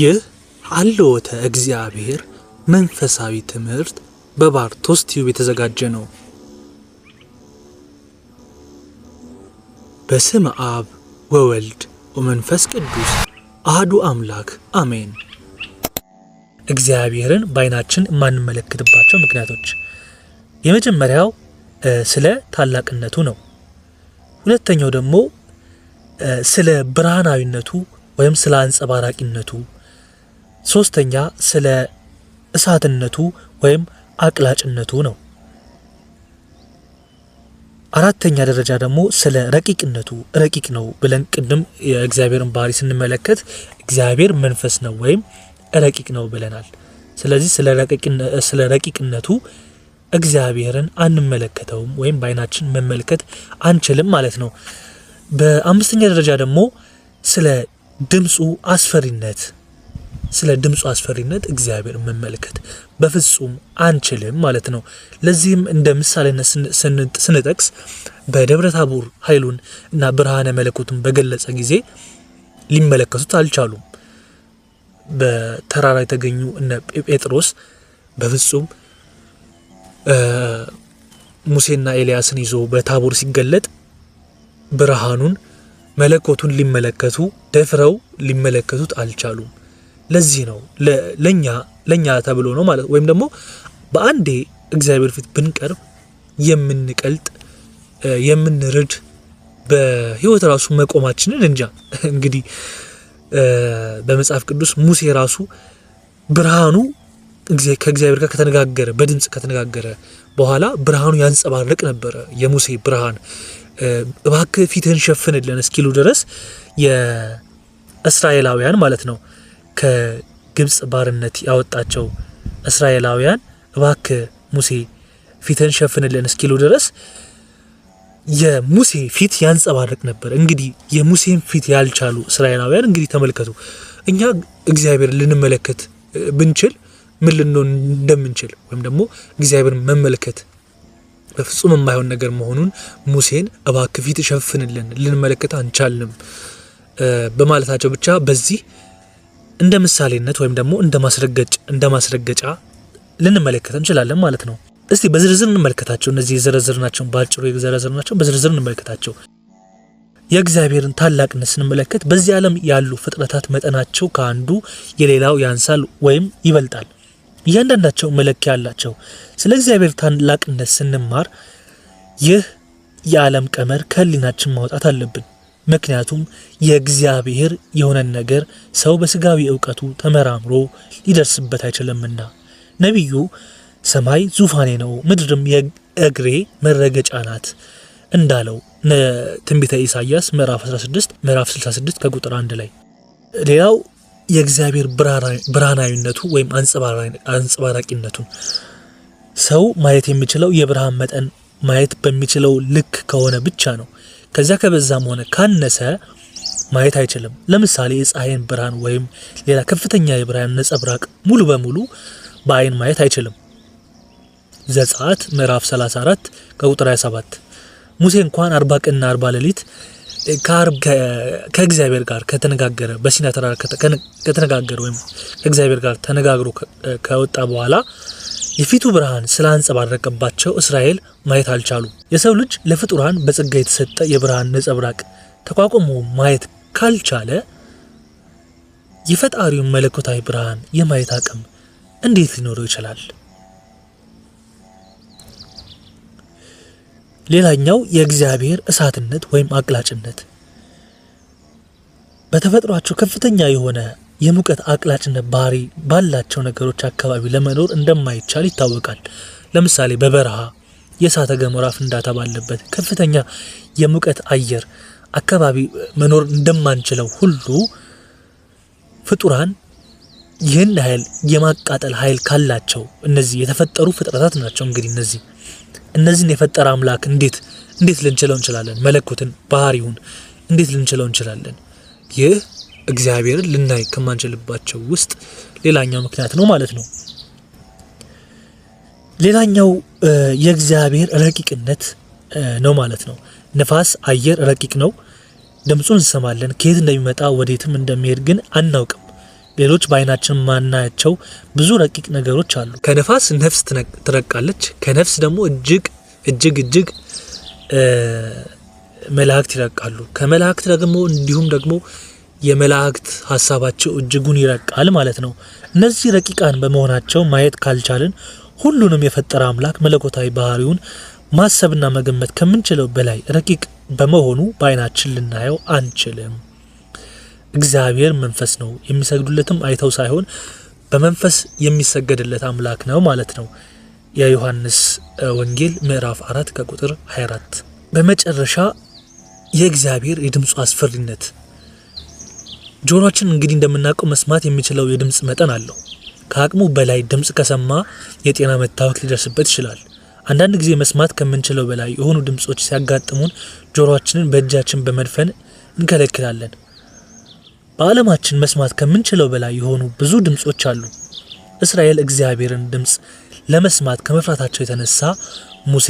ይህ አለወተ እግዚአብሔር መንፈሳዊ ትምህርት በባርቶስ ቲዩብ የተዘጋጀ ነው። በስም አብ ወወልድ ወመንፈስ ቅዱስ አህዱ አምላክ አሜን። እግዚአብሔርን በአይናችን የማንመለከትባቸው ምክንያቶች የመጀመሪያው ስለ ታላቅነቱ ነው። ሁለተኛው ደግሞ ስለ ብርሃናዊነቱ ወይም ስለ አንጸባራቂነቱ ሶስተኛ ስለ እሳትነቱ ወይም አቅላጭነቱ ነው። አራተኛ ደረጃ ደግሞ ስለ ረቂቅነቱ ረቂቅ ነው ብለን ቅድም የእግዚአብሔርን ባህሪ ስንመለከት እግዚአብሔር መንፈስ ነው ወይም ረቂቅ ነው ብለናል። ስለዚህ ስለ ረቂቅነቱ እግዚአብሔርን አንመለከተውም ወይም በአይናችን መመልከት አንችልም ማለት ነው። በአምስተኛ ደረጃ ደግሞ ስለ ድምፁ አስፈሪነት ስለ ድምፁ አስፈሪነት እግዚአብሔር መመልከት በፍጹም አንችልም ማለት ነው። ለዚህም እንደ ምሳሌነት ስንጠቅስ በደብረ ኃይሉን እና ብርሃነ መለኮቱን በገለጸ ጊዜ ሊመለከቱት አልቻሉም። በተራራ የተገኙ እነ ጴጥሮስ በፍጹም ሙሴና ኤልያስን ይዞ በታቦር ሲገለጥ ብርሃኑን መለኮቱን ሊመለከቱ ደፍረው ሊመለከቱት አልቻሉም። ለዚህ ነው ለኛ ለኛ ተብሎ ነው ማለት ወይም ደግሞ በአንዴ እግዚአብሔር ፊት ብንቀርብ የምንቀልጥ የምንርድ በህይወት ራሱ መቆማችንን እንጃ። እንግዲህ በመጽሐፍ ቅዱስ ሙሴ ራሱ ብርሃኑ ከእግዚአብሔር ጋር ከተነጋገረ በድምፅ ከተነጋገረ በኋላ ብርሃኑ ያንጸባርቅ ነበረ። የሙሴ ብርሃን እባክ ፊትህን ሸፍንልን እስኪሉ ድረስ የእስራኤላውያን ማለት ነው ከግብፅ ባርነት ያወጣቸው እስራኤላውያን እባክ ሙሴ ፊትን ሸፍንልን እስኪሉ ድረስ የሙሴ ፊት ያንጸባርቅ ነበር። እንግዲህ የሙሴን ፊት ያልቻሉ እስራኤላውያን እንግዲህ ተመልከቱ። እኛ እግዚአብሔር ልንመለከት ብንችል ምን ልንሆን እንደምንችል ወይም ደግሞ እግዚአብሔር መመልከት በፍጹም የማይሆን ነገር መሆኑን ሙሴን እባክ ፊት ሸፍንልን ልንመለከት አንቻልንም በማለታቸው ብቻ በዚህ እንደ ምሳሌነት ወይም ደግሞ እንደ ማስረገጫ ልንመለከት እንችላለን ማለት ነው። እስቲ በዝርዝር እንመልከታቸው። እነዚህ የዘረዘርናቸውን በአጭሩ የዘረዘርናቸውን በዝርዝር እንመልከታቸው። የእግዚአብሔርን ታላቅነት ስንመለከት በዚህ ዓለም ያሉ ፍጥረታት መጠናቸው ከአንዱ የሌላው ያንሳል ወይም ይበልጣል። እያንዳንዳቸው መለኪያ አላቸው። ስለ እግዚአብሔር ታላቅነት ስንማር ይህ የዓለም ቀመር ከህሊናችን ማውጣት አለብን። ምክንያቱም የእግዚአብሔር የሆነን ነገር ሰው በስጋዊ እውቀቱ ተመራምሮ ሊደርስበት አይችልምና። ነቢዩ ሰማይ ዙፋኔ ነው፣ ምድርም የእግሬ መረገጫ ናት እንዳለው ትንቢተ ኢሳያስ ምዕራፍ 16 ምዕራፍ 66 ከቁጥር 1 ላይ። ሌላው የእግዚአብሔር ብርሃናዊነቱ ወይም አንጸባራቂነቱ ሰው ማየት የሚችለው የብርሃን መጠን ማየት በሚችለው ልክ ከሆነ ብቻ ነው። ከዚያ ከበዛም ሆነ ካነሰ ማየት አይችልም። ለምሳሌ የፀሐይን ብርሃን ወይም ሌላ ከፍተኛ የብርሃን ነጸብራቅ ሙሉ በሙሉ በአይን ማየት አይችልም። ዘጸአት ምዕራፍ 34 ከቁጥር 27 ሙሴ እንኳን አርባ ቀንና አርባ ሌሊት ከእግዚአብሔር ጋር ከተነጋገረ በሲና ተራራ ከተነጋገረ ወይም ከእግዚአብሔር ጋር ተነጋግሮ ከወጣ በኋላ የፊቱ ብርሃን ስላንጸባረቀባቸው እስራኤል ማየት አልቻሉም። የሰው ልጅ ለፍጡራን በጸጋ የተሰጠ የብርሃን ነጸብራቅ ተቋቁሞ ማየት ካልቻለ የፈጣሪውን መለኮታዊ ብርሃን የማየት አቅም እንዴት ሊኖረው ይችላል? ሌላኛው የእግዚአብሔር እሳትነት ወይም አቅላጭነት በተፈጥሯቸው ከፍተኛ የሆነ የሙቀት አቅላጭነት ባህሪ ባላቸው ነገሮች አካባቢ ለመኖር እንደማይቻል ይታወቃል። ለምሳሌ በበረሃ የእሳተ ገሞራ ፍንዳታ ባለበት ከፍተኛ የሙቀት አየር አካባቢ መኖር እንደማንችለው ሁሉ ፍጡራን ይህን ያህል የማቃጠል ኃይል ካላቸው እነዚህ የተፈጠሩ ፍጥረታት ናቸው። እንግዲህ እነዚህ እነዚህን የፈጠረ አምላክ እንዴት እንዴት ልንችለው እንችላለን? መለኮትን ባህሪውን እንዴት ልንችለው እንችላለን? ይህ እግዚአብሔርን ልናይ ከማንችልባቸው ውስጥ ሌላኛው ምክንያት ነው ማለት ነው። ሌላኛው የእግዚአብሔር ረቂቅነት ነው ማለት ነው። ንፋስ አየር ረቂቅ ነው። ድምፁን እንሰማለን። ከየት እንደሚመጣ ወዴትም እንደሚሄድ ግን አናውቅም። ሌሎች በአይናችን ማናያቸው ብዙ ረቂቅ ነገሮች አሉ። ከነፋስ ነፍስ ትረቃለች። ከነፍስ ደግሞ እጅግ እጅግ እጅግ መላእክት ይረቃሉ። ከመላእክት ደግሞ እንዲሁም ደግሞ የመላእክት ሀሳባቸው እጅጉን ይረቃል ማለት ነው። እነዚህ ረቂቃን በመሆናቸው ማየት ካልቻልን ሁሉንም የፈጠረ አምላክ መለኮታዊ ባህሪውን ማሰብና መገመት ከምንችለው በላይ ረቂቅ በመሆኑ በአይናችን ልናየው አንችልም። እግዚአብሔር መንፈስ ነው፣ የሚሰግዱለትም አይተው ሳይሆን በመንፈስ የሚሰገድለት አምላክ ነው ማለት ነው። የዮሐንስ ወንጌል ምዕራፍ 4 ከቁጥር 24 በመጨረሻ የእግዚአብሔር የድምፁ አስፈሪነት ጆሮችን እንግዲህ እንደምናውቀው መስማት የሚችለው የድምፅ መጠን አለው። ከአቅሙ በላይ ድምፅ ከሰማ የጤና መታወክ ሊደርስበት ይችላል። አንዳንድ ጊዜ መስማት ከምንችለው በላይ የሆኑ ድምፆች ሲያጋጥሙን ጆሮአችንን በእጃችን በመድፈን እንከለክላለን። በዓለማችን መስማት ከምንችለው በላይ የሆኑ ብዙ ድምፆች አሉ። እስራኤል እግዚአብሔርን ድምፅ ለመስማት ከመፍራታቸው የተነሳ ሙሴ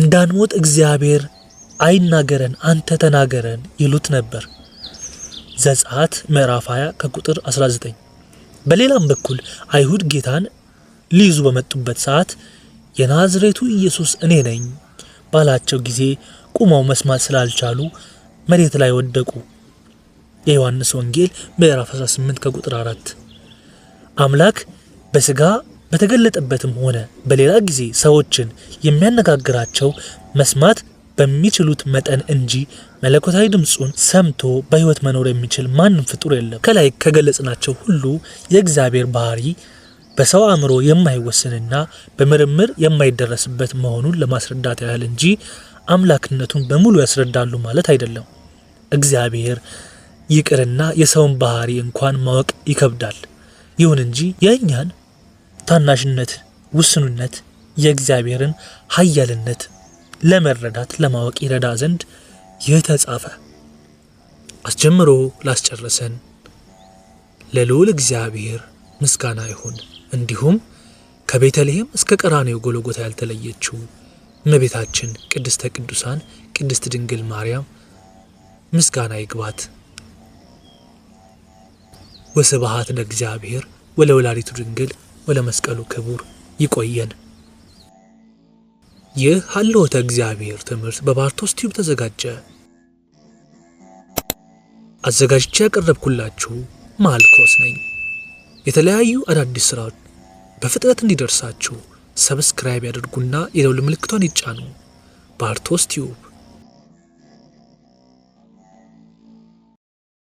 እንዳንሞት እግዚአብሔር አይናገረን፣ አንተ ተናገረን ይሉት ነበር። ዘጸአት ምዕራፍ 20 ከቁጥር 19። በሌላም በኩል አይሁድ ጌታን ሊይዙ በመጡበት ሰዓት የናዝሬቱ ኢየሱስ እኔ ነኝ ባላቸው ጊዜ ቁመው መስማት ስላልቻሉ መሬት ላይ ወደቁ። የዮሐንስ ወንጌል ምዕራፍ 18 ከቁጥር 4። አምላክ በስጋ በተገለጠበትም ሆነ በሌላ ጊዜ ሰዎችን የሚያነጋግራቸው መስማት በሚችሉት መጠን እንጂ መለኮታዊ ድምፁን ሰምቶ በህይወት መኖር የሚችል ማንም ፍጡር የለም። ከላይ ከገለጽናቸው ሁሉ የእግዚአብሔር ባህሪ በሰው አእምሮ የማይወስንና በምርምር የማይደረስበት መሆኑን ለማስረዳት ያህል እንጂ አምላክነቱን በሙሉ ያስረዳሉ ማለት አይደለም። እግዚአብሔር ይቅርና የሰውን ባህሪ እንኳን ማወቅ ይከብዳል። ይሁን እንጂ የእኛን ታናሽነት፣ ውስኑነት የእግዚአብሔርን ሀያልነት ለመረዳት ለማወቅ ይረዳ ዘንድ የተጻፈ አስጀምሮ ላስጨረሰን ለልዑል እግዚአብሔር ምስጋና ይሁን። እንዲሁም ከቤተልሔም እስከ ቀራኔው ጎልጎታ ያልተለየችው መቤታችን ቅድስተ ቅዱሳን ቅድስት ድንግል ማርያም ምስጋና ይግባት። ወስብሃት ለእግዚአብሔር ወለወላዲቱ ድንግል ወለመስቀሉ ክቡር። ይቆየን። ይህ ሀልወተ እግዚአብሔር ትምህርት በባርቶስ ቲዩብ ተዘጋጀ። አዘጋጅቼ ያቀረብኩላችሁ ማልኮስ ነኝ። የተለያዩ አዳዲስ ስራዎች በፍጥነት እንዲደርሳችሁ ሰብስክራይብ ያደርጉና የደውል ምልክቷን ይጫኑ። ባርቶስ ቲዩብ